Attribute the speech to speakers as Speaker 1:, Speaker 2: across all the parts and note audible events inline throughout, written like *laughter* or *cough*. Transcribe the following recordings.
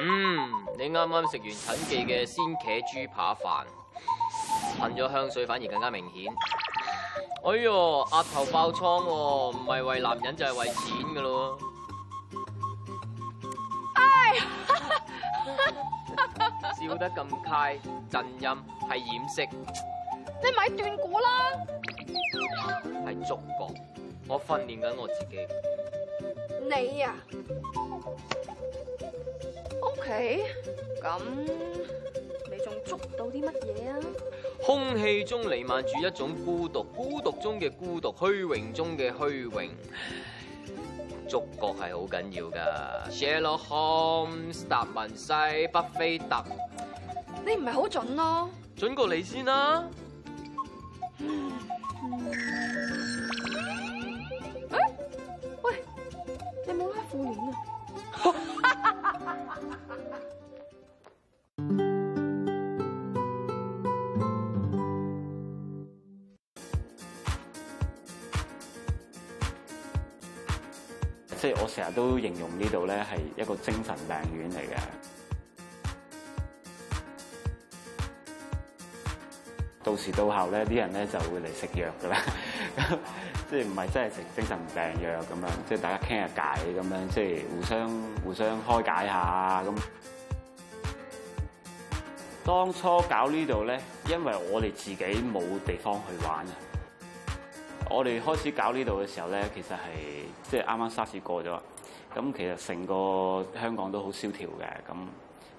Speaker 1: 嗯，你啱啱食完陳記嘅鮮茄豬扒飯，噴咗香水反而更加明顯。哎。哎呀，額頭爆瘡喎，唔係為男人就係為錢噶咯。
Speaker 2: 哎，笑得
Speaker 1: 咁 high，震音係掩飾。
Speaker 2: 你咪斷估啦，
Speaker 1: 係中國，我訓練緊我自己。
Speaker 2: 你呀？啊？OK，咁你仲捉到啲乜嘢
Speaker 1: 啊？空氣中彌漫住一種孤獨，孤獨中嘅孤獨，虛榮中嘅虛榮。觸覺係好緊要噶。Sherlock Holmes 達文西，北菲特，
Speaker 2: 你唔係好準咯、啊？
Speaker 1: 准過你先啦。嗯嗯
Speaker 3: 成日都形容呢度咧係一個精神病院嚟嘅，到時到後咧啲人咧就會嚟食藥㗎啦，即係唔係真係食精神病藥咁樣？即係大家傾下偈咁樣，即係互相互相開解下咁。當初搞呢度咧，因為我哋自己冇地方去玩啊。我哋開始搞呢度嘅時候咧，其實係即係啱啱沙士過咗，咁其實成個香港都好蕭條嘅。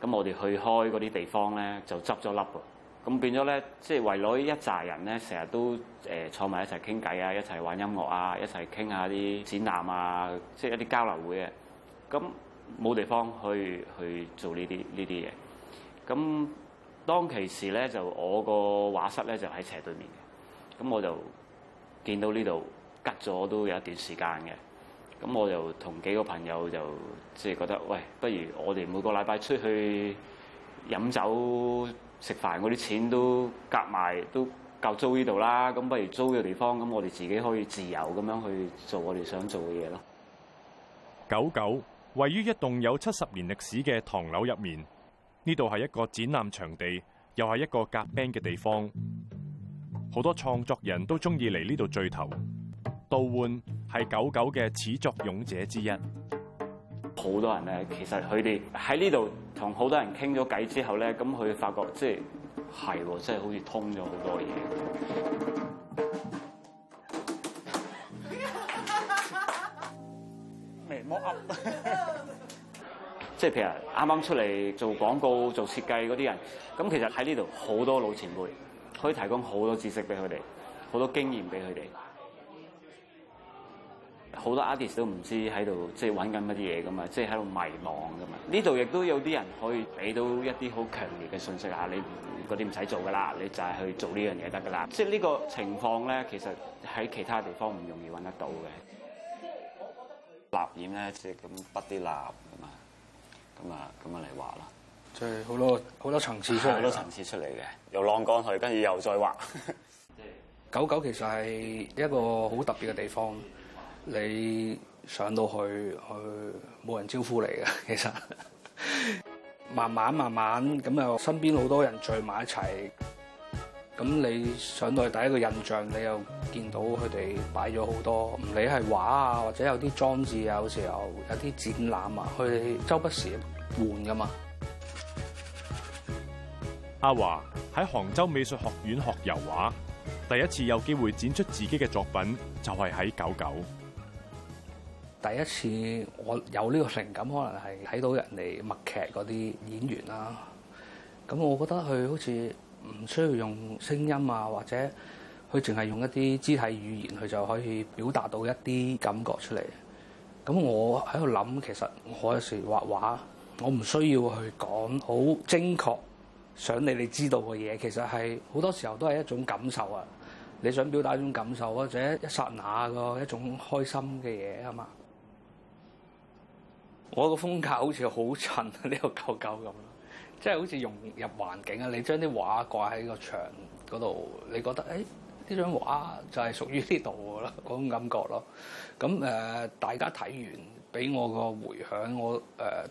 Speaker 3: 咁咁我哋去開嗰啲地方咧，就執咗笠㗎。咁變咗咧，即係圍攞一紮人咧，成日都誒坐埋一齊傾偈啊，一齊玩音樂啊，一齊傾下啲展覽啊，即係一啲交流會啊。咁冇地方去去做呢啲呢啲嘢。咁當其時咧，就我個畫室咧就喺斜對面嘅，咁我就，見到呢度吉咗都有一段時間嘅，咁我就同幾個朋友就即係覺得，喂，不如我哋每個禮拜出去飲酒食飯，嗰啲錢都夾埋都夠租呢度啦。咁不如租嘅地方，咁我哋自己可以自由咁樣去做我哋想做嘅嘢咯。
Speaker 4: 玖玖位於一棟有七十年歷史嘅唐樓入面，呢度係一個展覽場地，又係一個夾 band 嘅地方。好多創作人都中意嚟呢度聚頭，杜煥係玖玖嘅始作俑者
Speaker 3: 之一。好多人咧，其實佢哋喺呢度同好多人傾咗偈之後咧，咁佢發覺即係係喎，即係好似通咗好多嘢。未摸即係譬如啱啱出嚟做廣告、做設計嗰啲人，咁其實喺呢度好多老前輩。可以提供好多知識俾佢哋，好多經驗俾佢哋，好多 artist 都唔知喺度即係揾緊乜嘢㗎嘛，即係喺度迷惘㗎嘛。呢度亦都有啲人可以俾到一啲好強烈嘅信息啊！你嗰啲唔使做㗎啦，你就係去做呢樣嘢得㗎啦。即係呢個情況咧，其實喺其他地方唔容易揾得到嘅。蠟染咧，即係咁筆啲蠟啊嘛，咁啊咁啊嚟畫啦。
Speaker 5: 就係好多好多層次出好多層
Speaker 3: 次出嚟嘅，由晾乾去，跟住又再畫。
Speaker 5: 玖 *laughs* 玖其實係一個好特別嘅地方，你上到去，去冇人招呼你嘅。其實 *laughs* 慢慢慢慢咁啊，身邊好多人聚埋一齊，咁你上到去第一個印象，你又見到佢哋擺咗好多，唔理係畫啊，或者有啲裝置啊，有時候有啲展覽啊，佢周不時換㗎嘛。
Speaker 4: 阿華喺杭州美術學院學油畫，第一次有機會展出自己嘅作品就係喺玖玖。
Speaker 5: 第一次我有呢個靈感，可能係睇到人哋默劇嗰啲演員啦。咁我覺得佢好似唔需要用聲音啊，或者佢淨係用一啲肢體語言，佢就可以表達到一啲感覺出嚟。咁我喺度諗，其實我有時畫畫，我唔需要去講好精確。想你你知道嘅嘢，其實係好多時候都係一種感受啊！你想表達一種感受，或者一剎那個一種開心嘅嘢啊嘛。我個風格好似好襯呢個玖玖咁咯，即係好似融入環境啊！你將啲畫掛喺個牆嗰度，你覺得誒呢張畫就係屬於呢度嘅咯，嗰種感覺咯。咁誒，大家睇完俾我個迴響，我誒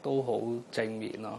Speaker 5: 都好正面咯。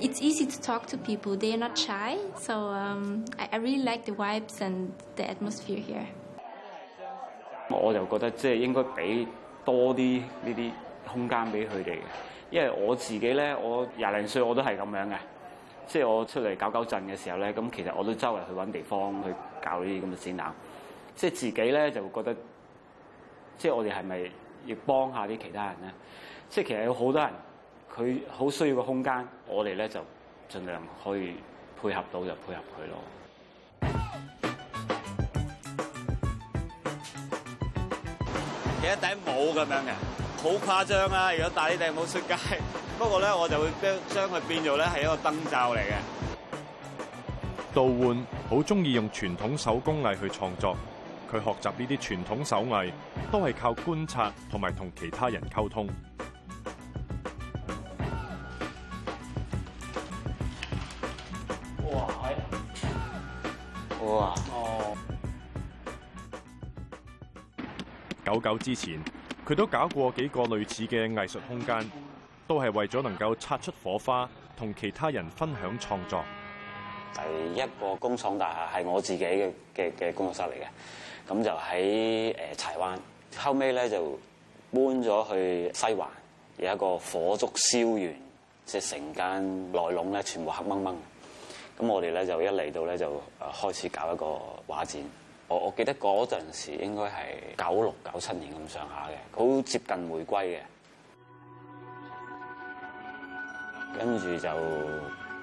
Speaker 6: It's easy to talk to people, they are not shy, so um,
Speaker 2: I really like the vibes and the atmosphere here.
Speaker 3: 我就覺得，即係應該俾多啲呢啲空間俾佢哋。因為我自己咧，我廿零歲我都係咁樣嘅，即係我出嚟搞搞震嘅時候咧，咁其實我都周圍去揾地方去搞呢啲咁嘅展覽。即係自己咧就會覺得，即係我哋係咪要幫下啲其他人咧？即係其實有好多人。佢好需要個空間，我哋咧就盡量可以配合到就配合佢咯。戴一頂帽咁樣嘅，好誇張啊。如果戴呢頂帽出街，不過咧我就會將將佢變做咧係一個燈罩嚟嘅。
Speaker 4: 杜煥好中意用傳統手工藝去創作，佢學習呢啲傳統手藝都係靠觀察同埋同其他人溝通。
Speaker 3: 哇，哇！哇！哦！
Speaker 4: 玖玖之前，佢都搞過幾個類似嘅藝術空間，都係為咗能夠擦出火花，同其他人分享創作。
Speaker 3: 第一個工廠大廈係我自己嘅嘅嘅工作室嚟嘅，咁就喺誒柴灣。後尾咧就搬咗去西環，有一個火燭燒完，即係成間內籠咧，全部黑掹掹。咁我哋咧就一嚟到咧就誒開始搞一個畫展，我我記得嗰陣時應該係九六九七年咁上下嘅，好接近回歸嘅。跟住就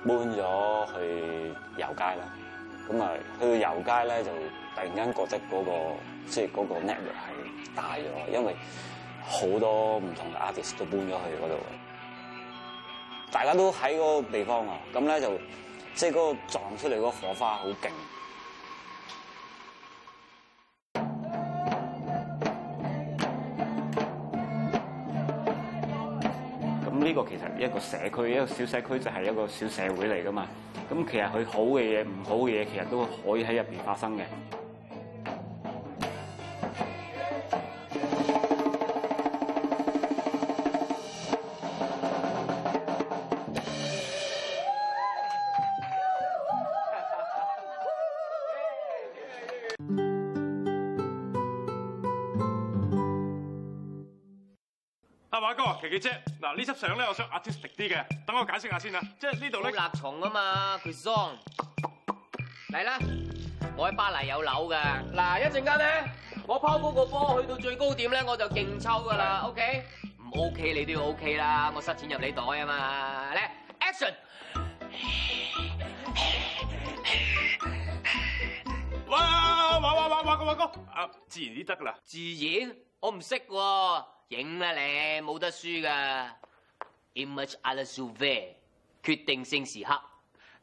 Speaker 3: 搬咗去油街啦。咁啊去到油街咧就突然間覺得嗰、嗰個即係嗰個 network 係大咗，因為好多唔同嘅 artist 都搬咗去嗰度，大家都喺嗰個地方啊。咁咧就～即係嗰個撞出嚟嗰個火花好勁，咁呢個其實一個社區，一個小社區就係一個小社會嚟㗎嘛。咁其實佢好嘅嘢、唔好嘅嘢，其實都可以喺入邊發生嘅。
Speaker 4: 嘅啫，嗱呢輯相咧我想 artistic 啲嘅，等我解釋下先啊，即係呢度咧有蟲啊嘛，佢桑，
Speaker 1: 嚟啦，我喺巴黎有樓㗎，嗱一陣間咧我拋嗰個波去到最高點咧我就勁抽㗎喇，OK？唔 OK 你都要 OK 啦，我塞錢入你袋
Speaker 4: 啊嘛，嚟 action！阿哥，啊，自然啲得噶啦，自
Speaker 1: 然我唔識喎，影啦你，冇得輸噶。Image
Speaker 4: is so very，決定性時刻。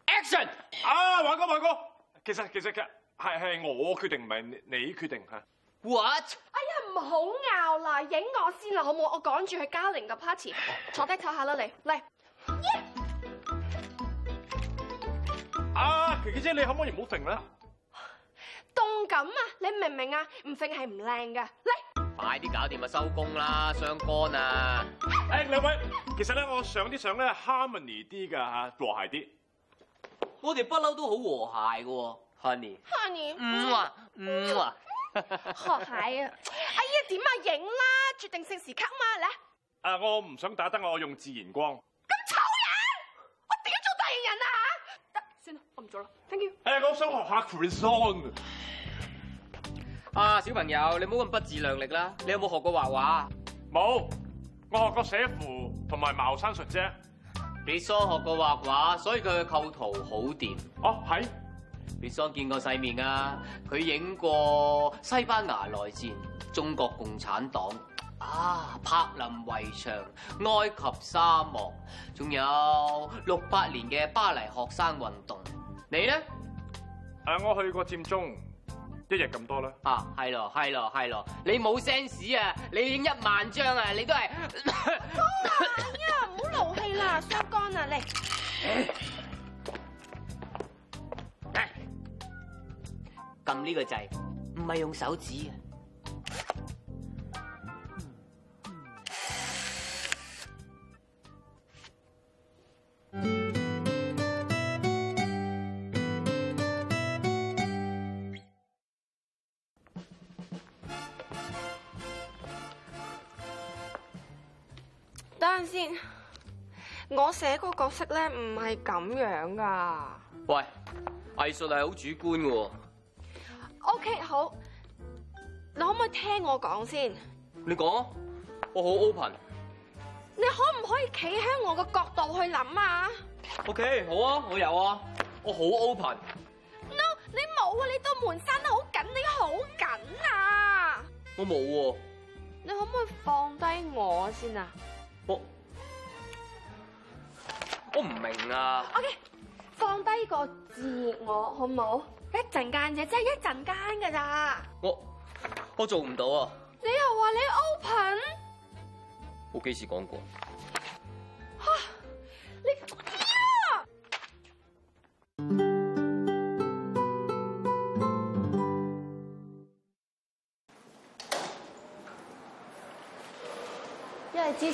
Speaker 4: Action！啊，華哥，華哥，其實其實其實係係我決定，唔係你，你決定吓。What？
Speaker 2: 哎呀，唔好拗啦，影我先啦，好冇？我趕住去嘉玲嘅 party，坐低唞下啦，你嚟。Yeah.
Speaker 4: 啊，琪琪姐，你可唔可以唔好停啦？
Speaker 2: 動感啊！你明唔明啊？唔靚係唔靚噶，嚟，
Speaker 4: 快啲搞掂啊！收工啦，傷肝啊！誒，兩位，其實咧我上啲相咧 harmony 啲噶吓，和諧啲。我哋不嬲都好和諧噶
Speaker 2: ，Honey，Honey，唔、
Speaker 4: 嗯、啊，
Speaker 2: 嗯啊，嗯 *laughs* 和諧啊！哎呀，點啊？影啦，決定性時刻嘛，嚟。
Speaker 4: 誒，我唔想打燈，我用自然光。
Speaker 2: 咁醜人，我點做代言人啊？吓，得，算啦，我唔做啦，thank you，
Speaker 4: 哎。誒，我想學下 frozen
Speaker 1: 啊，小朋友，你唔好咁不自量力啦！你有冇學過畫畫？冇，我學過寫符同埋茅山術啫。別桑學過畫畫，所以佢嘅構圖好掂。哦，係。別桑見過世面啊！佢影過西班牙內戰、中國共產黨、啊柏林圍牆、埃及沙漠，仲有六八年嘅巴黎學生運動。你呢？誒、
Speaker 4: 啊，我去過佔中。一日咁多啦！啊，係咯，係咯，係咯！
Speaker 1: 你冇 sense 啊！你影一萬張啊，你都係好難啊！唔好勞氣
Speaker 2: 啦，傷肝啊！嚟，
Speaker 1: 撳呢個掣，唔係用手指啊！嗯嗯
Speaker 2: 等陣先，我寫個角色咧，唔係咁樣噶。喂，
Speaker 1: 藝術係好主觀噶。
Speaker 2: OK，好，你可唔可以聽我講先？
Speaker 1: 你講，我好 open。
Speaker 2: 你可唔可以企喺我嘅角度去諗啊
Speaker 1: ？OK，好啊，我有啊，我好 open。
Speaker 2: No，你冇啊？你到門閂得好緊，你好緊啊？
Speaker 1: 我冇喎。
Speaker 2: 你可唔可以放低我先啊？
Speaker 1: 我唔明啊
Speaker 2: ！OK，放低個自我好唔好？一陣間啫，即係一陣間噶咋？
Speaker 1: 我我做唔到啊！
Speaker 2: 你又話你 open？
Speaker 1: 我幾時講過？
Speaker 2: 吓 *laughs* 你？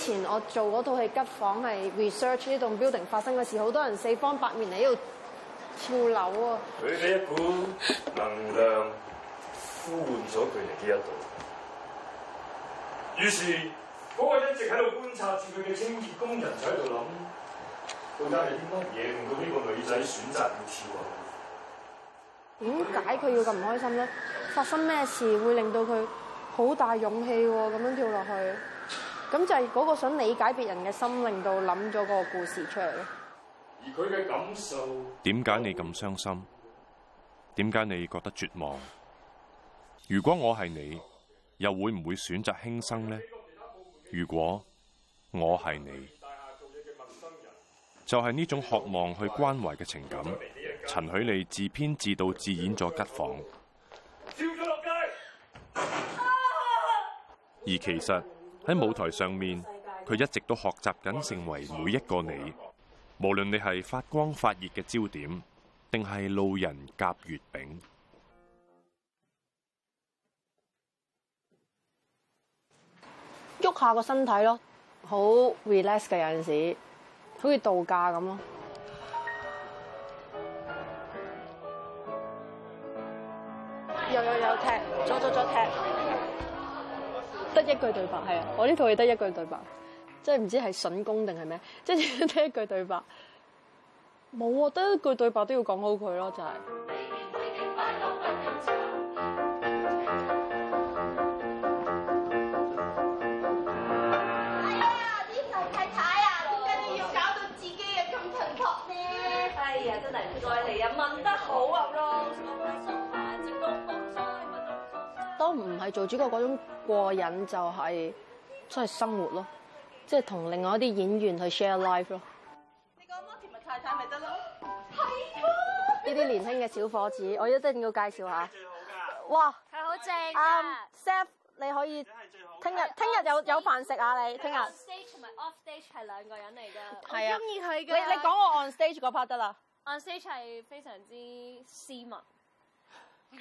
Speaker 6: 前我做嗰套戲急房係 research 呢棟 building 發生嘅事，好多人四方八面嚟喺度跳樓喎。佢
Speaker 4: 俾一股能量呼喚咗佢嚟呢一度，於是嗰、嗰個一直喺度觀察住佢嘅清潔工人就喺度諗，到底係啲乜嘢令到呢個女仔選擇跳
Speaker 6: 要跳啊？點解佢要咁唔開心咧？發生咩事會令到佢好大勇氣喎？咁樣跳落去？咁就係嗰個想理解別人嘅心，令到諗咗個故事出
Speaker 4: 嚟。點解你咁傷心？點解你覺得絕望？如果我係你，又會唔會選擇輕生呢？如果我係你，就係呢種渴望去關懷嘅情感。陳煦莉自編自導自演咗《吉房》，而其實。喺舞台上面，佢一直都學習緊成為每一個你，無論你係發光發熱嘅焦點，定係路人甲月餅，
Speaker 6: 喐下個身體咯，好 relax 嘅，有陣時，好似度假咁咯，右
Speaker 2: 右右，右，右踢，左左左踢。
Speaker 6: 得一句對白，係啊！我呢套戲得一句對白，即係唔知係筍工定係咩，即係得一句對白，冇啊！得一句對白都要講好佢咯，就係。做主角嗰種過癮就係即係生活咯，即係同另外一啲演員去 share life 咯。你講 Martin 咪
Speaker 2: 太太咪得咯？係喎！呢啲年
Speaker 6: 輕嘅小伙子，我一定要介紹下。哇！
Speaker 2: 佢好正啊 Chef
Speaker 6: 你可以聽日聽日有有飯食啊,啊？你聽日 On
Speaker 2: stage 同埋 off stage 係兩個人嚟㗎。係啊。中意佢嘅。你你講
Speaker 6: 我 on stage 嗰 part 得啦。
Speaker 2: On stage 係非常之斯
Speaker 6: 文！ *laughs*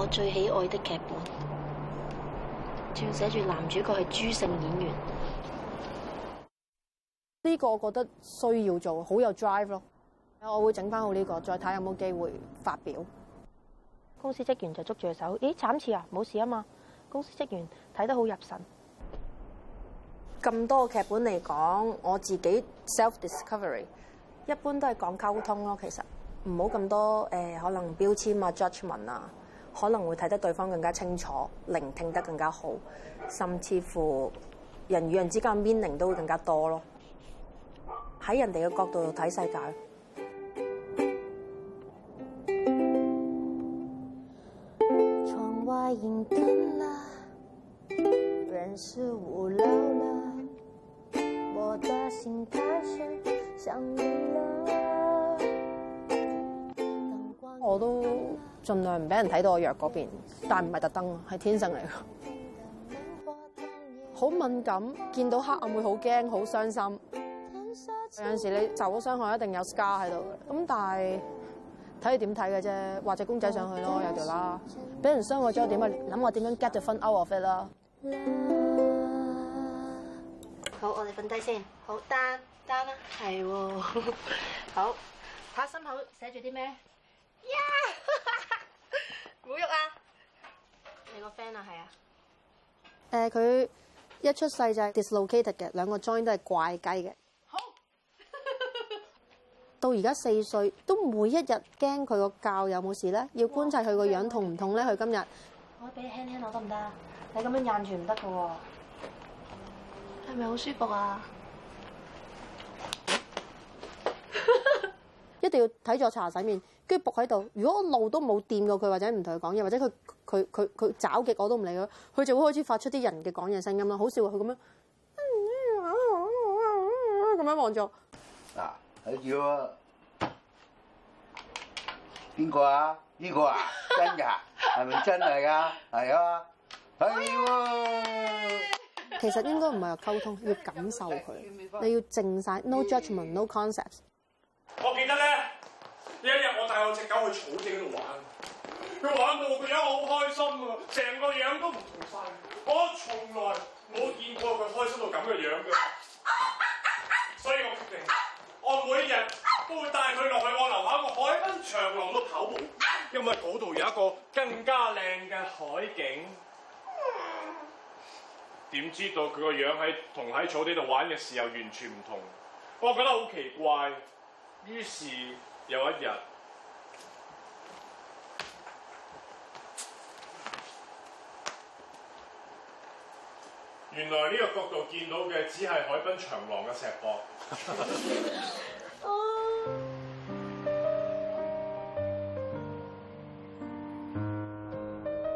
Speaker 6: 我最喜愛的劇本，仲寫住男主角係朱姓演員。呢、這個我覺得需要做，好有 drive 咯。我會整翻好呢、這個，再睇有冇機會發表。公司職員就捉住佢手，咦？慘次啊，冇事啊嘛。公司職員睇得好入神。咁多劇本嚟講，我自己 self discovery 一般都係講溝通咯。其實唔好咁多誒、呃，可能標籤啊、judgement 啊。可能會睇得對方更加清楚，聆聽得更加好，甚至乎人與人之間 mingling 都會更加多咯。喺人哋嘅角度度睇世界。 *music* 盡量唔俾人睇到我弱嗰邊，但唔係特登，係天生嚟嘅。好敏感，見到黑暗會好驚，好傷心。有陣時你受咗傷害，一定有 scar 喺度。咁但係睇你點睇嘅啫，畫隻公仔上去咯，有條啦。俾人傷害咗點啊？諗我點樣 get the fun out of it 啦。好，我哋瞓低先。好，丹丹啊，係、哦。 *laughs* 好，睇下心口寫住啲咩。Yeah! 好喐啊，啊！你個 friend 啊，係、呃、啊。誒，佢一出世就 dislocated 嘅，兩個 join 都係怪雞嘅。好。 *laughs* 到而家四歲，都每一日驚佢個教有冇事咧，要觀察佢個樣痛唔痛咧。佢今日，我俾你輕輕我得唔得啊？你咁樣壓住唔得噶喎。
Speaker 2: 係咪好舒服啊？ *laughs* 一定
Speaker 6: 要睇咗刷洗面。跟住僕喺度，如果我路都冇掂過佢，或者唔同佢講嘢，或者佢佢佢佢找極我都唔理佢，佢就會開始發出啲人嘅講嘢聲音啦，好笑佢、嗯嗯嗯、這啊！佢咁樣，咁樣望住我。
Speaker 5: 嗱，係喎，邊個啊？呢、呢個啊？真㗎？係
Speaker 3: 咪真係㗎？係啊？係喎、啊。啊、 *laughs* *laughs* 其實應
Speaker 6: 該唔係話溝通，要感受佢，你要靜晒 no judgment, no concepts。No judgment, no
Speaker 4: concept. 我記得咧。有隻狗去草地嗰度玩，佢玩到個樣好開心啊！成個樣都唔同晒。我從來冇見過佢開心到咁嘅樣㗎，所以我決定我每一日都會帶佢落去我樓下個海濱長廊度跑步，因為嗰度有一個更加靚嘅海景。點知道佢個樣喺同喺草地度玩嘅時候完全唔同，我覺得好奇怪。於是有一日。原來呢個
Speaker 6: 角度見到嘅只係海濱長廊嘅石壆。 *laughs*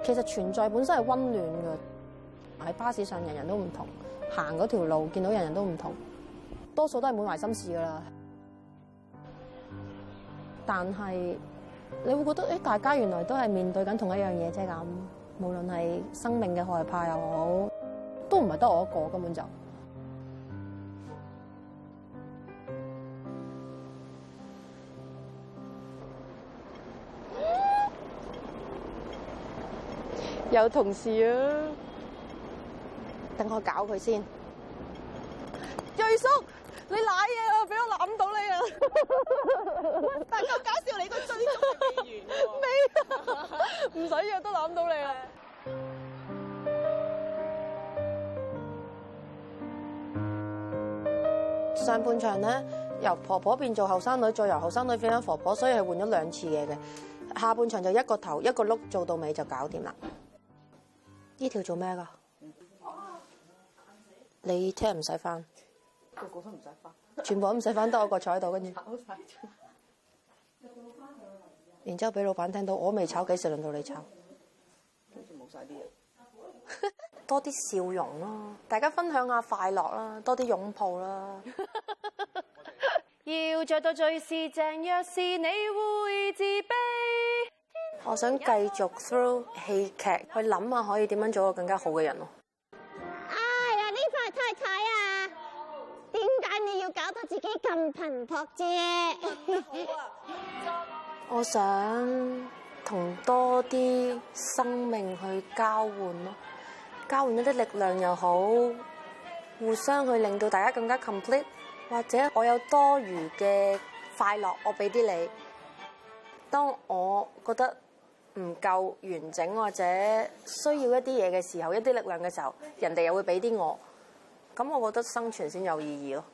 Speaker 6: 其實存在本身係溫暖嘅。喺巴士上，人人都唔同。行嗰條路，見到人人都唔同。多數都係滿懷心事㗎喇。但係，你會覺得誒，大家原來都係面對緊同一樣嘢啫咁。無論係生命嘅害怕又好。都唔係得我一個，根本就有同事啊！等我搞佢先，
Speaker 2: 瑞叔，你奶 *laughs* *laughs* 啊！俾我攬到你啊！大家搞笑，你個最中意。源，咩？唔使約都攬到你啦！
Speaker 6: 上半場咧，由婆婆變做後生女，再由後生女變咗婆婆，所以係換咗兩次嘢嘅。下半場就一個頭一個碌做到尾就搞掂啦。呢條做咩㗎？你聽日唔使翻？嗰個
Speaker 5: 股都唔使翻，
Speaker 6: 全部都唔使翻，得我個坐喺度跟住。然之後俾老闆聽到我，我未炒幾時，輪到你炒？
Speaker 2: 好似冇曬啲嘢。 *laughs*
Speaker 6: 多啲笑容咯，大家分享下快樂啦，多啲擁抱啦。 *laughs* 要著到最四正，若是你會自卑。天天我想繼續 through 戲劇，天天去諗下，可以點樣做個更加好嘅人咯。
Speaker 2: 哎呀，呢塊太太啊！點解你要搞到自己咁頻撲啫？
Speaker 6: *laughs* 我想同多啲生命去交換咯。交換一啲力量又好，互相去令到大家更加 complete，或者我有多餘嘅快樂，我俾啲你。當我覺得唔夠完整或者需要一啲嘢嘅時候，一啲力量嘅時候，人哋又會俾啲我，咁我覺得生存先有意義咯。